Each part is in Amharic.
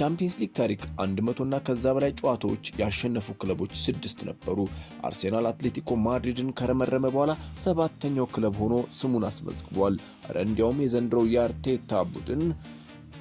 በቻምፒየንስ ሊግ ታሪክ 100 እና ከዛ በላይ ጨዋታዎች ያሸነፉ ክለቦች ስድስት ነበሩ። አርሴናል አትሌቲኮ ማድሪድን ከረመረመ በኋላ ሰባተኛው ክለብ ሆኖ ስሙን አስመዝግቧል። እረ እንዲያውም የዘንድሮው የአርቴታ ቡድን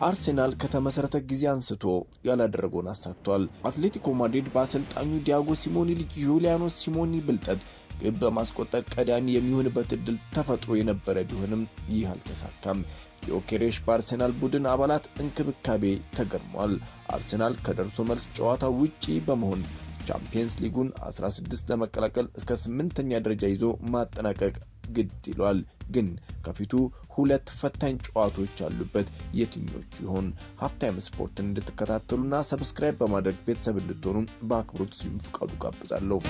አርሴናል ከተመሰረተ ጊዜ አንስቶ ያላደረገውን አሳክቷል። አትሌቲኮ ማድሪድ በአሰልጣኙ ዲያጎ ሲሞኒ ልጅ ጁሊያኖ ሲሞኒ ብልጠት ግብ በማስቆጠር ቀዳሚ የሚሆንበት እድል ተፈጥሮ የነበረ ቢሆንም ይህ አልተሳካም። የኦኬሬሽ በአርሴናል ቡድን አባላት እንክብካቤ ተገርሟል። አርሴናል ከደርሶ መልስ ጨዋታ ውጪ በመሆን ቻምፒየንስ ሊጉን 16 ለመቀላቀል እስከ 8 ስምንተኛ ደረጃ ይዞ ማጠናቀቅ ግድ ይሏል። ግን ከፊቱ ሁለት ፈታኝ ጨዋታዎች ያሉበት የትኞቹ ይሆን? ሀፍታይም ስፖርትን እንድትከታተሉና ሰብስክራይብ በማድረግ ቤተሰብ እንድትሆኑ በአክብሮት ሲሉ ፍቃዱ ጋብዛለሁ።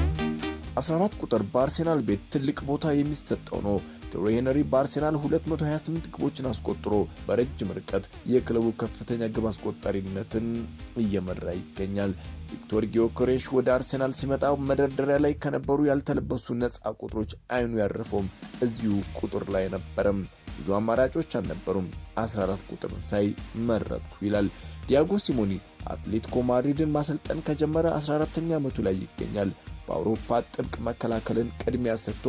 14 ቁጥር በአርሴናል ቤት ትልቅ ቦታ የሚሰጠው ነው። ቲዬሪ ሄንሪ በአርሴናል 228 ግቦችን አስቆጥሮ በረጅም ርቀት የክለቡ ከፍተኛ ግብ አስቆጣሪነትን እየመራ ይገኛል። ቪክቶር ጊዮኮሬሽ ወደ አርሴናል ሲመጣ መደርደሪያ ላይ ከነበሩ ያልተለበሱ ነፃ ቁጥሮች አይኑ ያረፈውም እዚሁ ቁጥር ላይ ነበረም። ብዙ አማራጮች አልነበሩም። 14 ቁጥር ሳይ መረጥኩ ይላል ዲያጎ ሲሞኒ። አትሌቲኮ ማድሪድን ማሰልጠን ከጀመረ 14ኛ ዓመቱ ላይ ይገኛል። በአውሮፓ ጥብቅ መከላከልን ቅድሚያ ሰጥቶ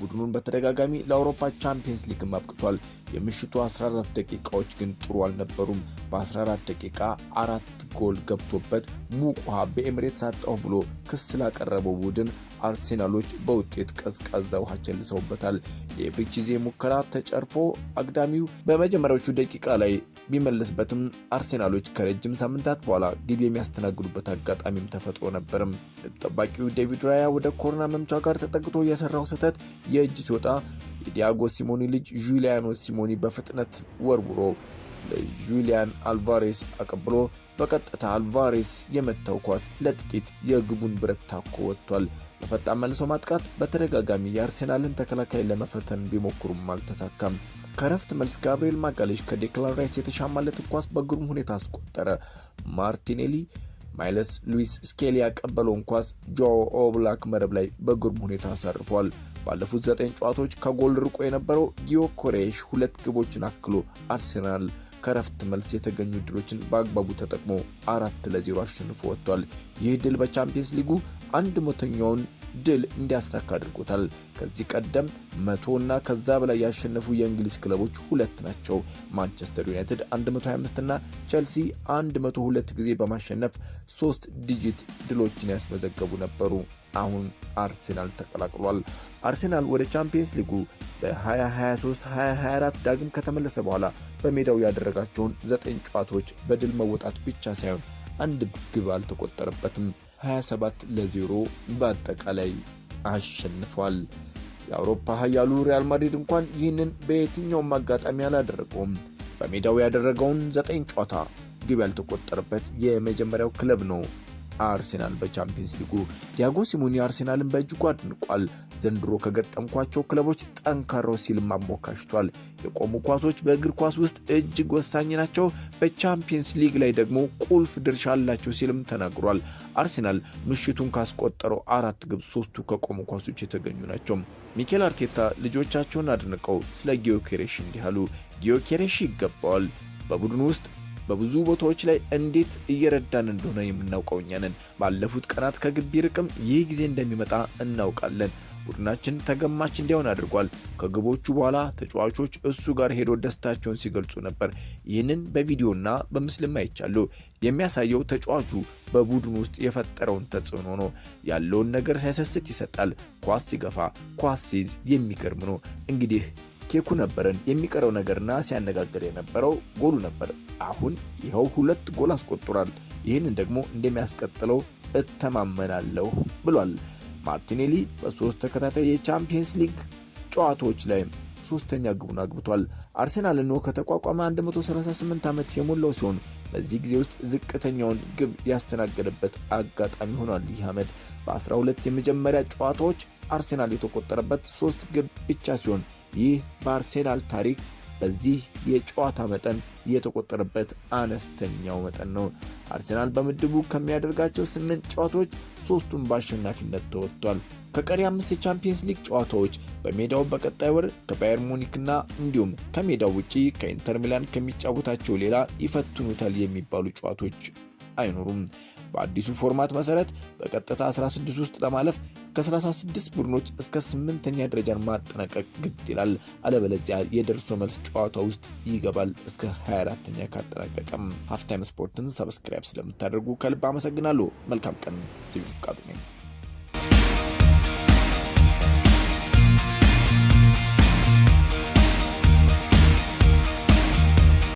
ቡድኑን በተደጋጋሚ ለአውሮፓ ቻምፒየንስ ሊግም አብቅቷል። የምሽቱ 14 ደቂቃዎች ግን ጥሩ አልነበሩም። በ14 ደቂቃ አራት ጎል ገብቶበት ሙቅ ውሃ በኤምሬትስ አጣሁ ብሎ ክስ ላቀረበው ቡድን አርሴናሎች በውጤት ቀዝቃዛ ውሃ ቸልሰውበታል። የብቺዜ ሙከራ ተጨርፎ አግዳሚው በመጀመሪያዎቹ ደቂቃ ላይ ቢመልስበትም አርሴናሎች ከረጅም ሳምንታት በኋላ ግብ የሚያስተናግዱበት አጋጣሚም ተፈጥሮ ነበርም። ጠባቂው ዴቪድ ራያ ወደ ኮርና መምቻ ጋር ተጠግቶ የሰራው ስህተት የእጅ ሲወጣ የዲያጎ ሲሞኒ ልጅ ጁሊያኖ ሲሞኒ ሴሬሞኒ በፍጥነት ወርውሮ ለጁሊያን አልቫሬስ አቀብሎ በቀጥታ አልቫሬስ የመታው ኳስ ለጥቂት የግቡን ብረት ታኮ ወጥቷል። በፈጣን መልሶ ማጥቃት በተደጋጋሚ የአርሴናልን ተከላካይ ለመፈተን ቢሞክሩም አልተሳካም። ከረፍት መልስ ጋብሪኤል ማጋሌሽ ከዴክላን ራይስ የተሻማለትን ኳስ በግሩም ሁኔታ አስቆጠረ። ማርቲኔሊ ማይለስ ሉዊስ ስኬሊ ያቀበለውን ኳስ ጆ ኦብላክ መረብ ላይ በግርም ሁኔታ አሳርፏል። ባለፉት ዘጠኝ ጨዋታዎች ከጎል ርቆ የነበረው ጊዮ ኮሬሽ ሁለት ግቦችን አክሎ አርሴናል ከረፍት መልስ የተገኙ ድሎችን በአግባቡ ተጠቅሞ አራት ለዜሮ አሸንፎ ወጥቷል። ይህ ድል በቻምፒየንስ ሊጉ አንድ መቶኛውን ድል እንዲያሳካ አድርጎታል። ከዚህ ቀደም መቶ እና ከዛ በላይ ያሸነፉ የእንግሊዝ ክለቦች ሁለት ናቸው። ማንቸስተር ዩናይትድ 125 እና ቸልሲ 102 ጊዜ በማሸነፍ ሶስት ዲጂት ድሎችን ያስመዘገቡ ነበሩ። አሁን አርሴናል ተቀላቅሏል። አርሴናል ወደ ቻምፒየንስ ሊጉ በ2023/2024 ዳግም ከተመለሰ በኋላ በሜዳው ያደረጋቸውን ዘጠኝ ጨዋታዎች በድል መወጣት ብቻ ሳይሆን አንድ ግብ አልተቆጠረበትም። 27 ለ0 በአጠቃላይ አሸንፏል። የአውሮፓ ኃያሉ ሪያል ማድሪድ እንኳን ይህንን በየትኛውም አጋጣሚ አላደረገውም። በሜዳው ያደረገውን ዘጠኝ ጨዋታ ግብ ያልተቆጠረበት የመጀመሪያው ክለብ ነው። አርሴናል በቻምፒየንስ ሊጉ ዲያጎ ሲሞኒ አርሴናልን በእጅጉ አድንቋል። ዘንድሮ ከገጠምኳቸው ክለቦች ጠንካራው ሲልም አሞካሽቷል። የቆሙ ኳሶች በእግር ኳስ ውስጥ እጅግ ወሳኝ ናቸው፣ በቻምፒየንስ ሊግ ላይ ደግሞ ቁልፍ ድርሻ አላቸው ሲልም ተናግሯል። አርሴናል ምሽቱን ካስቆጠረው አራት ግብ ሶስቱ ከቆሙ ኳሶች የተገኙ ናቸው። ሚኬል አርቴታ ልጆቻቸውን አድንቀው ስለ ጊዮኬሬሽ እንዲህ አሉ። ጊዮኬሬሽ ይገባዋል በቡድኑ ውስጥ በብዙ ቦታዎች ላይ እንዴት እየረዳን እንደሆነ የምናውቀው እኛ ነን። ባለፉት ቀናት ከግቢ ርቅም ይህ ጊዜ እንደሚመጣ እናውቃለን። ቡድናችን ተገማች እንዲሆን አድርጓል። ከግቦቹ በኋላ ተጫዋቾች እሱ ጋር ሄዶ ደስታቸውን ሲገልጹ ነበር። ይህንን በቪዲዮና በምስልም አይቻሉ። የሚያሳየው ተጫዋቹ በቡድን ውስጥ የፈጠረውን ተጽዕኖ ነው። ያለውን ነገር ሳይሰስት ይሰጣል። ኳስ ሲገፋ፣ ኳስ ሲይዝ የሚገርም ነው። እንግዲህ ኬኩ ነበረን። የሚቀረው ነገርና ሲያነጋግር የነበረው ጎሉ ነበር። አሁን ይኸው ሁለት ጎል አስቆጥሯል። ይህንን ደግሞ እንደሚያስቀጥለው እተማመናለሁ ብሏል። ማርቲኔሊ በሶስት ተከታታይ የቻምፒየንስ ሊግ ጨዋታዎች ላይ ሶስተኛ ግቡን አግብቷል። አርሰናል ኖ ከተቋቋመ 138 ዓመት የሞላው ሲሆን በዚህ ጊዜ ውስጥ ዝቅተኛውን ግብ ያስተናገደበት አጋጣሚ ሆኗል። ይህ ዓመት በ12 የመጀመሪያ ጨዋታዎች አርሰናል የተቆጠረበት ሶስት ግብ ብቻ ሲሆን ይህ በአርሴናል ታሪክ በዚህ የጨዋታ መጠን የተቆጠረበት አነስተኛው መጠን ነው። አርሴናል በምድቡ ከሚያደርጋቸው ስምንት ጨዋታዎች ሶስቱን በአሸናፊነት ተወጥቷል። ከቀሪ አምስት የቻምፒየንስ ሊግ ጨዋታዎች በሜዳው በቀጣይ ወር ከባየር ሙኒክና እንዲሁም ከሜዳው ውጪ ከኢንተር ሚላን ከሚጫወታቸው ሌላ ይፈትኑታል የሚባሉ ጨዋታዎች አይኖሩም። በአዲሱ ፎርማት መሰረት በቀጥታ 16 ውስጥ ለማለፍ ከ36 ቡድኖች እስከ ስምንተኛ ደረጃን ማጠናቀቅ ግድ ይላል። አለበለዚያ የደርሶ መልስ ጨዋታ ውስጥ ይገባል እስከ 24ተኛ ካጠናቀቀም። ሀፍታይም ስፖርትን ሰብስክራይብ ስለምታደርጉ ከልብ አመሰግናለሁ። መልካም ቀን። ስዩም ቃሉ ነኝ።